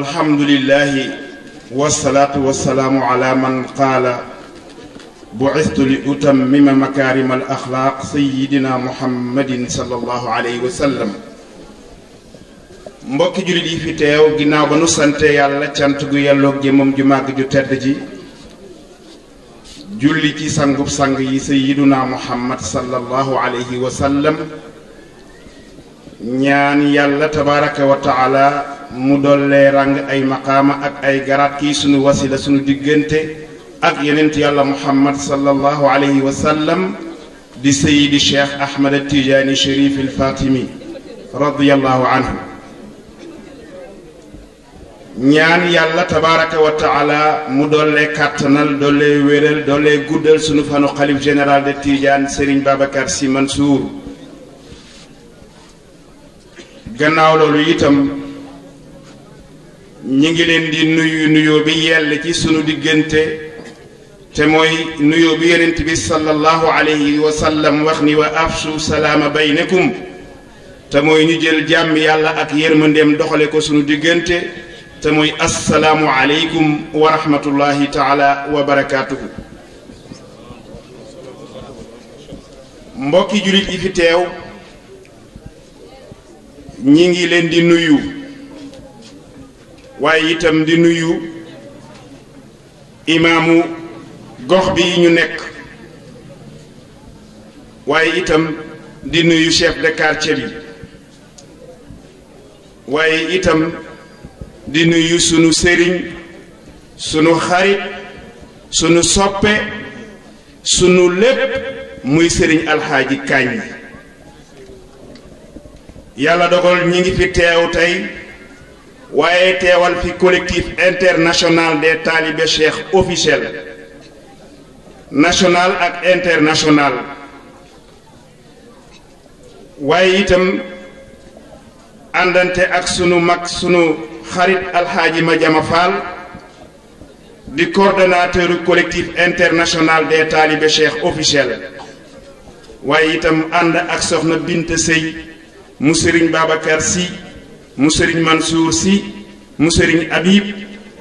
alhamdulilahi wasalaatu wasalaamu ala man qaala bu'istu li utammima al axlaaq sayidina muhammadin sallallahu alayhi wa sallam mbokki jullit yi fi teew ginnaaw ba nu sante yàlla cant gu yelloog jëmam ju màgg ju tedd ji julli ci sangub sang yi sayiduna muhammad sallallahu alayhi wa sallam ñaan yàlla tabaraka wa taala mu dollee ràng ay maqaama ak ay garaat kii suñu wasila suñu diggante ak yenent yàlla muhammad sallallahu alayhi wa sallam di sayidi cheikh ahmad tijaani sharif al fatimi radiyallahu anhu ñaan yàlla tabaraka wa taala mu dollee kàttanal dollee wéral dollee guddal sunu fanu xalif général de Tidiane Serigne Babacar si Mansour gannaaw loolu itam ñi ngi leen di nuyu nuyoo bi yell ci sunu diggante te mooy nuyoo bi yonent bi sallallahu alayhi wa sallam wax ni wa afshu salaama baynakum te mooy ñu jël jàmm yàlla ak yërmandeem doxale ko sunu diggante te mooy assalaamu aleykum wa rahmatullahi taala wa barakaatuhu mbokki jullit yi fi teew ñi ngi leen di nuyu waaye itam di nuyu imaamu gox bi ñu nekk waaye itam di nuyu chef de quartier bi waaye itam di nuyu sunu sëriñ sunu xarit sunu soppe sunu lépp muy sëriñ alxaaji kaañ yi yàlla dogal ñi ngi fi teew tey waaye teewal fi collectif international des talibé cheikh officiel national ak international waaye itam àndante ak sunu mag sunu xarit alxaaji Madiama Fall di coordonnateur collectif international des talibé cheikh officiel waaye itam ànd ak soxna bint Sëy mu Sëriñ Babacar mu sëriñ Mansour si mu sëriñ Habib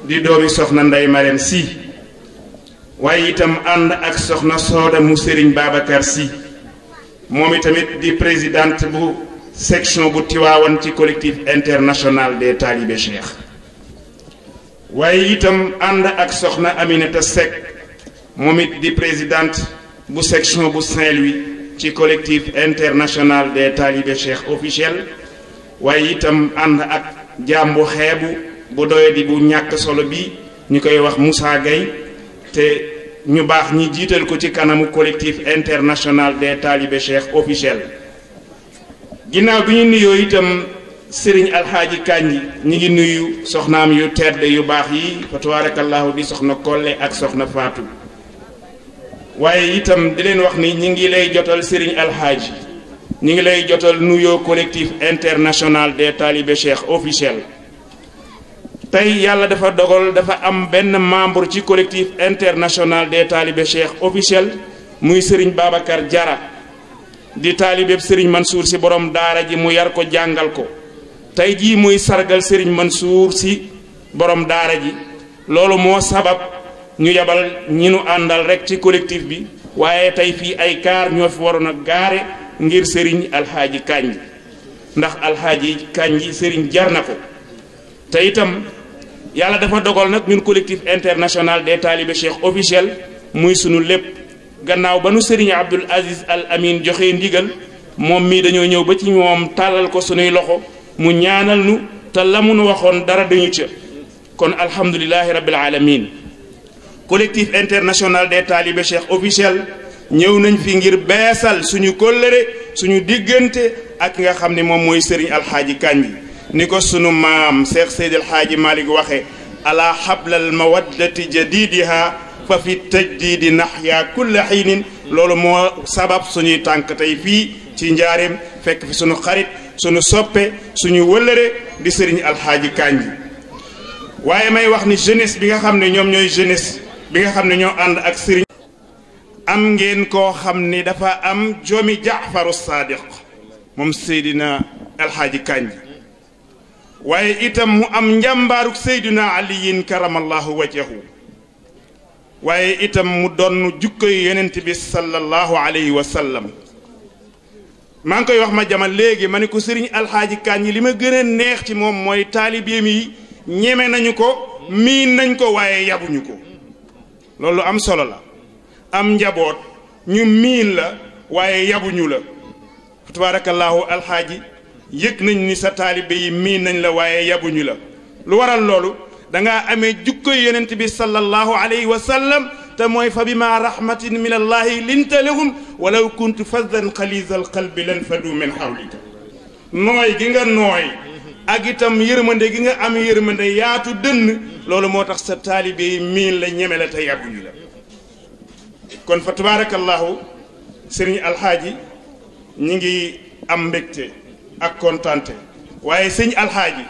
di doomi soxna Ndey Marem si waaye itam ànd ak soxna Sooda mu sëriñ Babacar si moom itamit di président bu section bu Tiwaawan ci collectif international des talibé cheikh waaye itam ànd ak soxna Aminata Seck moom it di présidente bu section bu Saint-Louis ci collective international des talibé cheikh officiel waaye itam ànd ak jaam bu xeebu bu doyadi bu ñàkk solo bi ñu koy wax Moussa Gueye te ñu baax ñi jiital ko ci kanamu collectif international des talibé cheikh officiel ginaaw bi ñu nuyoo itam sëriñ alxaaji Kandji ñi ngi nuyu soxnaam yu tedd yu baax yi fa tabarakallahu di soxna Kolle ak soxna Fatou waaye itam di leen wax ni ñi ngi lay jotal sëriñ alxaaji ñu ngi lay jotal nuyoo collectif international des talibé cheikh officiel tey yàlla dafa dogal dafa am benn membre ci collectif international des talibé cheikh officiel muy Serigne Babacar jara di taalibeb man Mansour si borom daara ji mu yar ko jàngal ko tey jii muy sargal man Mansour si borom daara ji loolu moo sabab ñu yabal ñu nu àndal rek ci collectif bi waaye tey fii ay kaar ñoo fi waroon a gaare ngir sëriñ alxaaji kanji ndax alxaaji kanji sëriñ jar na ko te itam yàlla dafa dogal nag ñun collectif international des talibé cheikh officiel muy sunu lépp gannaaw ba nu sëriñ abdul aziz al amin joxe ndigal moom mii dañoo ñëw ba ci moom tàllal ko sunuy loxo mu ñaanal nu te la mu waxoon dara dañu ca kon alhamdulilahi rabbil alamin collectif international des talibé cheikh officiel ñëw nañ fi ngir beesal suñu kóllëre suñu diggante ak nga xam ni moom mooy sëriñ alxaaji Kandji ni ko suñu maam Cheikh Seydi alxaaji Malick waxe ala xablal mawaddati jadidiha fa fi tajdidi naxya kulla xiinin loolu moo sabab suñuy tànk tey fii ci njaareem fekk fi suñu xarit suñu soppe suñu wëllëre di sëriñ alxaaji Kandji waaye may wax ni jeunesse bi nga xam ne ñoom ñooy jeunesse bi nga xam ne ñoo ànd ak sëriñ am ngeen koo xam ni dafa am jomi jaafaru saadiq moom seydina alxaaji kanj waaye itam mu am njàmbaaruk seydina aliyin karamallahu wajahu waaye itam mu doon jukkoy yonent bi sallallahu alayhi wa sallam maa ngi koy wax ma jamal léegi ma ne ko sëriñ alxaaji kanj li ma gën a neex ci moom mooy taalibeem yi ñeme nañu ko miin nañ ko waaye yabuñu ko loolu am solo la am njaboot ñu miin la waaye yabuñu la tabaarakallaahu alxaaji yëg nañ ni sa taalibe yi miin nañ la waaye yabuñu la lu waral loolu danga amee jukkoy yonent bi sallallahu alayhi wa sallam te mooy fa bima rahmatin min allahi linta lahum walaw kuntu faddan xaliza alqalbi lan fadu min hawlika nooy gi nga nooy ak itam gi nga am yërmande yaatu dënn loolu moo tax sa taalibe yi miin la ñeme la te yabuñu la kon fa tabaarakallaahu sëriñ alxaaji ñi ngi am mbégte ak kontante waaye sëñ alxaaji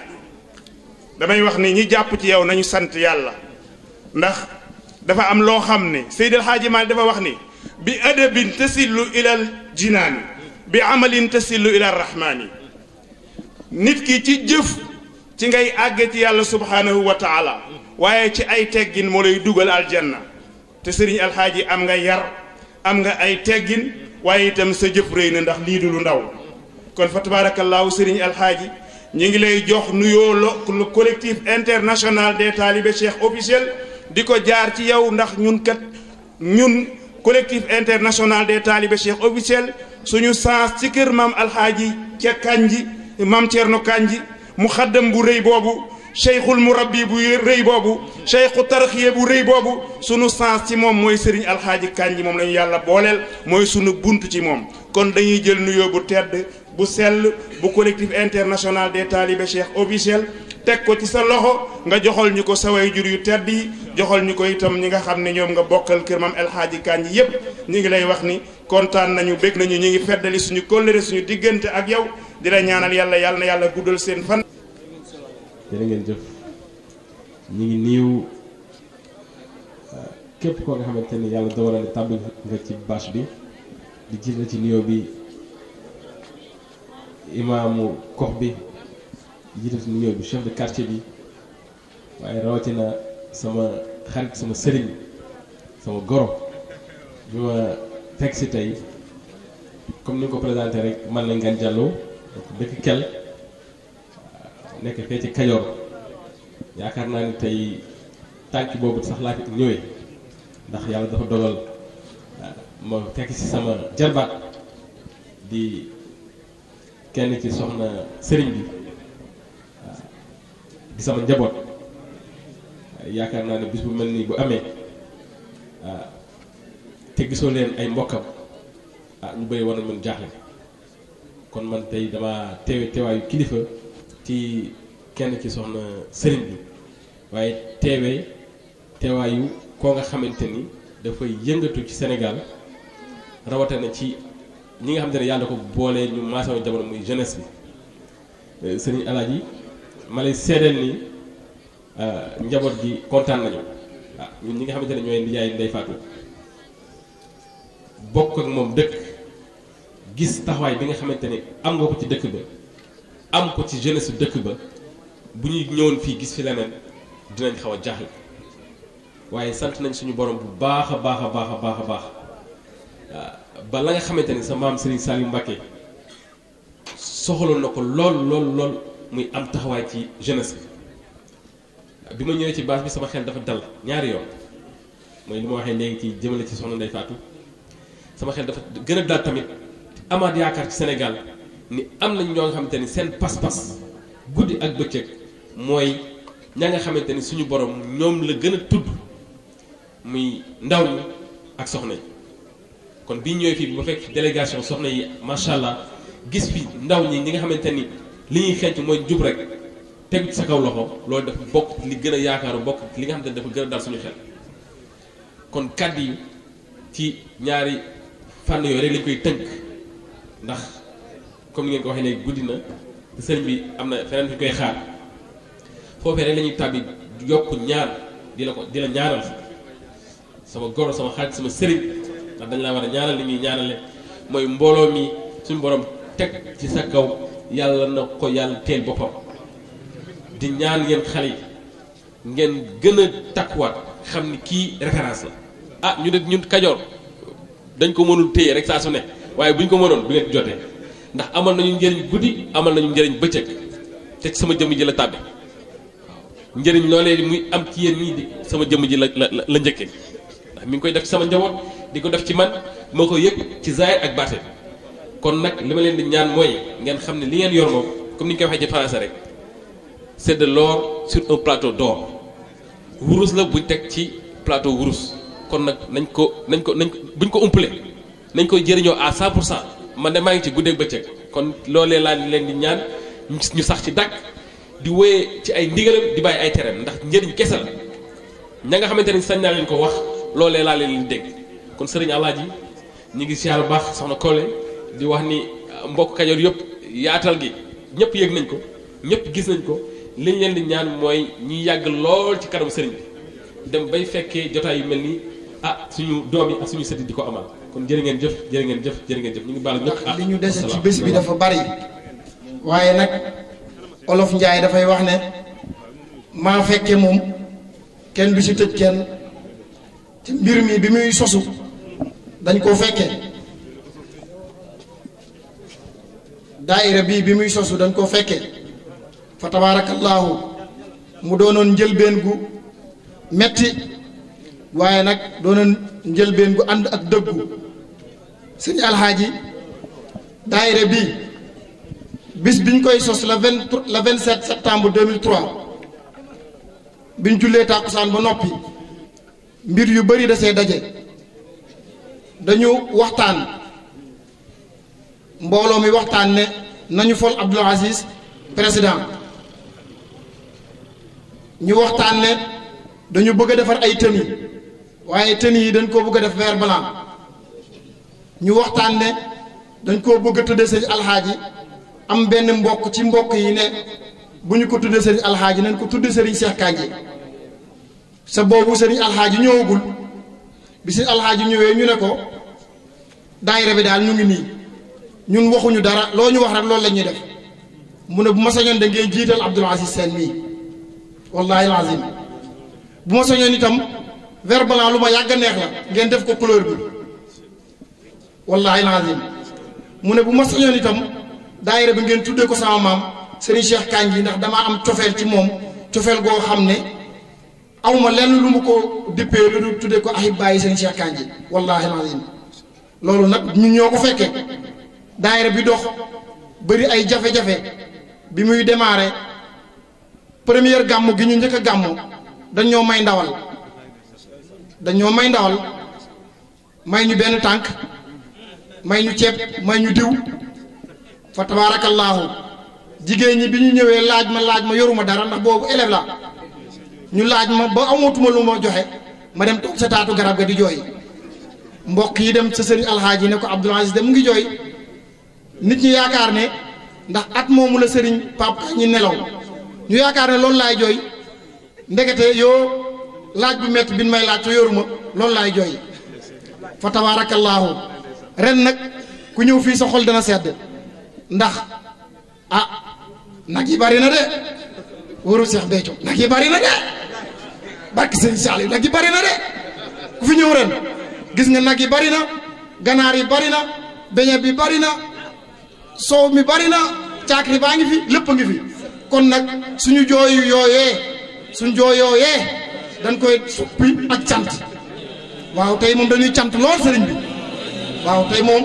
damay wax ni ñi jàpp ci yow nañu sant yàlla ndax dafa am loo xam ne seydi alxaaji maal dafa wax ni bi adabin tasillu ilal jinaani bi amalin tasillu ilal rahmaani nit ki ci jëf ci ngay àgge ci yàlla subhaanahu wa taala waaye ci ay teggin moo lay dugal aljanna te sëriñ alxaaji am nga yar am nga ay teggin waaye itam sa jëf rëy na ndax lii du lu ndaw kon fa tabaarakallaahu sëriñ alxaaji ñu ngi lay jox nuyoo le collectif international des talibés cheikh officiel di ko jaar ci yow ndax ñun kat ñun collectif international des talibés cheikh officiel suñu sens ci kër maam alxaaji ca kanji maam Thierno kanji mu xaddam bu rëy boobu cheikhul murabbi bu rëy boobu cheikhu tarxiye bu rëy boobu sunu sance ci moom mooy sëriñ alxaaji Kandji moom la ñu yàlla booleel mooy sunu bunt ci moom kon dañuy jël nuyoo bu tedd bu sell bu collectif international des talibés cheikh officiel teg ko ci sa loxo nga joxal ñu ko sa jur yu tedd yi joxal ñu ko itam ñi nga xam ne ñoom nga bokkal kër maam alxaaji Kandji yépp ñu ngi lay wax ni kontaan nañu bég nañu ñu ngi feddali suñu kóllëre suñu diggante ak yow di la yàlla yàlla na yàlla guddal seen fan jërë ngeen jëf ñu ngi niiw képp koo nga xamante ni yàlla dogalal tàbbi nga ci bâche bi di jiital ci nuyoo bi imaamu kox bi di jiital ci nuyoo bi chef de quartier bi waaye rawatina sama xarit sama sëriñ sama goro bi ma teg si tey comme ni nga ko présenté rek man la Ngane Diallo dëkk Kell nekk fee ci Kajoor yaakaar naa ni tey tànk boobu sax laa fi ñëwee ndax yàlla dafa dogal ah, ma fekk ci sama jarbaat di kenn ci soxna sëriñ bi ah, di sama njaboot yaakaar naa ne bis bu mel nii bu amee ah, te gisoo leen ay mbokkam ah ñu bëri war na mën jaaxle kon man tey dama teewe teewaayu kilifa ci kenn ci soxna sëriñ bi waaye teewee teewaayu koo nga xamante ni dafay yëngatu ci Sénégal rawatina ci ñi nga xamante ne yàlla ko boolee ñu maasawu jamono muy jeunesse bi euh, sëriñ Alaaji ma lay seedeel ni euh, njaboot gi kontaan nañu waaw ah, ñun ñi nga xamante ne ñooy yaay Ndeye Fatou bokk ak moom dëkk gis taxawaay bi nga xamante ni am nga ko ci dëkk bi. am ko ci jeunesse dëkk ba bu ñuy ñëwoon fii gis fi leneen dinañ xaw a jaaxle waaye sant nañ suñu borom bu baax a baax a baax a baax a baax ba nga xamante ni sa maam Serigne Saliou Mbacké soxaloon na ko lool lool lool muy am taxawaay ci jeunesse bi bi ma ñëwee ci bâche bi sama xel dafa dal ñaari yoon mooy li ma waxee léegi ci jëmale ci soxna Ndeye Fatou sama xel dafa gën a dal tamit amaat yaakaar ci Sénégal. ni am nañ ñoo nga xamante ni seen pas-pas guddi ak bëccëg mooy ña nga xamante ni suñu borom ñoom la gën a tudd muy ndaw ñi ak soxna yi kon bii ñëwee fii ba fekk délégation soxna yi macha allah gis fi ndaw ñi ñi nga xamante ni li ñuy xeeñ mooy jub rek tegu ci sa loxo loolu bokk li gën a yaakaaru bokk li nga xamante ni dafa gën a dal xel kon kàddu yi ci ñaari fànn yooyu rek lañ koy tënk ndax comme ni ngeen ko waxee léegi guddi na te am na feneen fi koy xaar foofee rek la ñuy tàbbi yokk ñaan di ko di la ñaanal sama goro sama xaaj sama sëriñ ndax dañ laa war a ñaanal li ñuy ñaanale mooy mbooloo mi suñu borom teg ci sa kaw yàlla na ko yàlla teel boppam di ñaan ngeen xale yi ngeen gën a takkuwaat xam ni kii référence la ah ñu ne ñun kajoor dañ ko mënul téye rek saa su ne waaye bu ñu ko mënoon du ngeen jotee ndax amal nañu njëriñ guddi amal nañu njëriñ bëccëg te sama jëmm ji la tàbbi waaw njëriñ loolee muy am ci yéen ñii di sama jëmm ji la la la njëkkee ndax mi ngi koy def ci sama njaboot di ko def ci man moo ko yëg ci zaahir ak baatin kon nag li ma leen di ñaan mooy ngeen xam ne li ngeen yor moom comme ni ko koy waxee ci français rek c'est de l'or sur un plateau d'or wurus la buñ teg ci plateau wurus kon nag nañ ko nañ ko nañ ko buñ ko umpalee nañ koy jëriñoo à 100 pour man de maa ngi ci guddeeg bëccëg kon loole laa leen di ñaan ñu sax ci dàkk di wéyee ci ay ndigalam di bàyyi ay tereem ndax njëriñ kese ña nga xamante ni sañ naa leen ko wax loolee laa leen di dégg kon sëriñ Alaaji ñu ngi siyaar bu baax soxna Kole di wax ni mbokk Kajoor yëpp yaatal gi ñëpp yëg nañ ko ñëpp gis nañ ko liñ leen di ñaan mooy ñuy yàgg lool ci kanam sëriñ bi dem bay fekkee jotaay yu mel nii ah suñu doom yi ak suñu sëti di ko amal. kon jërë ngeen jëf ngeen jëf jërë ngeen jëf ñu ngi baal ñëpp li ah, ñu dese ci bés bi dafa bari waaye nag olof njaay dafay wax ne maa fekke moom kenn du si tëj kenn ci mbir mi bi muy sosu dañ koo fekke daayira bii bi muy sosu dañ koo fekke fa tabaarakallaahu mu doonoon njëlbeen gu metti waaye nag doonoon njëlbeen bu ànd ak dëggu sëñ alxaaji daayira bi bis biñ koy sos la vingt la vingt sept septembre deux mille trois biñ jullee tàkkusaan ba noppi mbir yu bari da daje dañu waxtaan mbooloo mi waxtaan ne nañu fol Abdoul Aziz président ñu waxtaan ne dañu bëgg a defar ay tenue waaye tenue yi dañ koo bëgg a def vert blanc ñu waxtaan ne dañ ko bëgg a tudde sëñ alxaaji am benn mbokk ci mbokk yi ne bu ñu ko tuddee sëriñ alxaaji nañ ko tuddee sëriñ seex Kandji sa boobu sëriñ alxaaji ñëwagul bi sëriñ alxaaji ñëwee ñu ne ko daayira bi daal ñu ngi nii ñun waxuñu dara loo ñu wax rek loolu la ñuy def mu ne bu ma soñoon da jiital Abdoul Aziz Sène mii wallaahi alazim bu ma sañoon itam vert blanc lu ma yàgg a neex la ngeen def ko couleur bi wallaahi lazim mu ne bu ma sañoon itam daayira bi ngeen tuddee ko sama maam Serigne Cheikh Kandji ndax dama am cofeel ci moom cofeel goo xam ne awma lenn lu mu ko dippee lu dul tuddee ko ahib bàyyi Serigne Cheikh Kandji wallaahi lazim loolu nag ñun ñoo ko fekkee daayira bi dox bëri ay jafe-jafe bi muy démarré première gàmm gi ñu njëkk a gàmm dañ may ndawal dañoo may ndawal may ñu benn tànk may ñu ceeb may ñu diw fa tabaarakallaahu jigéen ñi bi ñu ñëwee laaj ma laaj ma yoruma dara ndax boobu élève la ñu laaj ma ba amatuma lu ma joxe ma dem toog sa taatu garab ga di jooy mbokk yi dem sa sëriñ alxaaji ne ko Abdul Aziz de mu ngi jooy nit ñi yaakaar ne ndax at moomu la sëriñ pap ñi nelaw ñu yaakaar ne loolu laay jooy ndekete yoo laaj bu métti bi may laaj te yoruma loolu laay jooy fa tabaarakallaahu ren nag ku ñëw fii sa xol dana sedd ndax a ah, nag yi bari na de wóoru Seex Béthio nag yi bari na de barki na de ku fi ñëw ren gis nga nag yi bari na ganaar yi bari na beñe bi bari na soow mi bari na caakri ngi fi lépp a ngi fi kon nag suñu jooyu yooyee suñu jooy yooyee dañ koy suppi ak cant waaw tey moom dañuy cant lool sëriñ bi waaw tey moom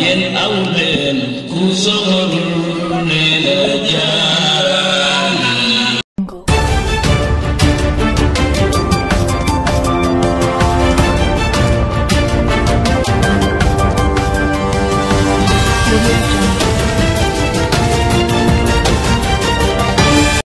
yéen aw leen ku soxorul ne la jaar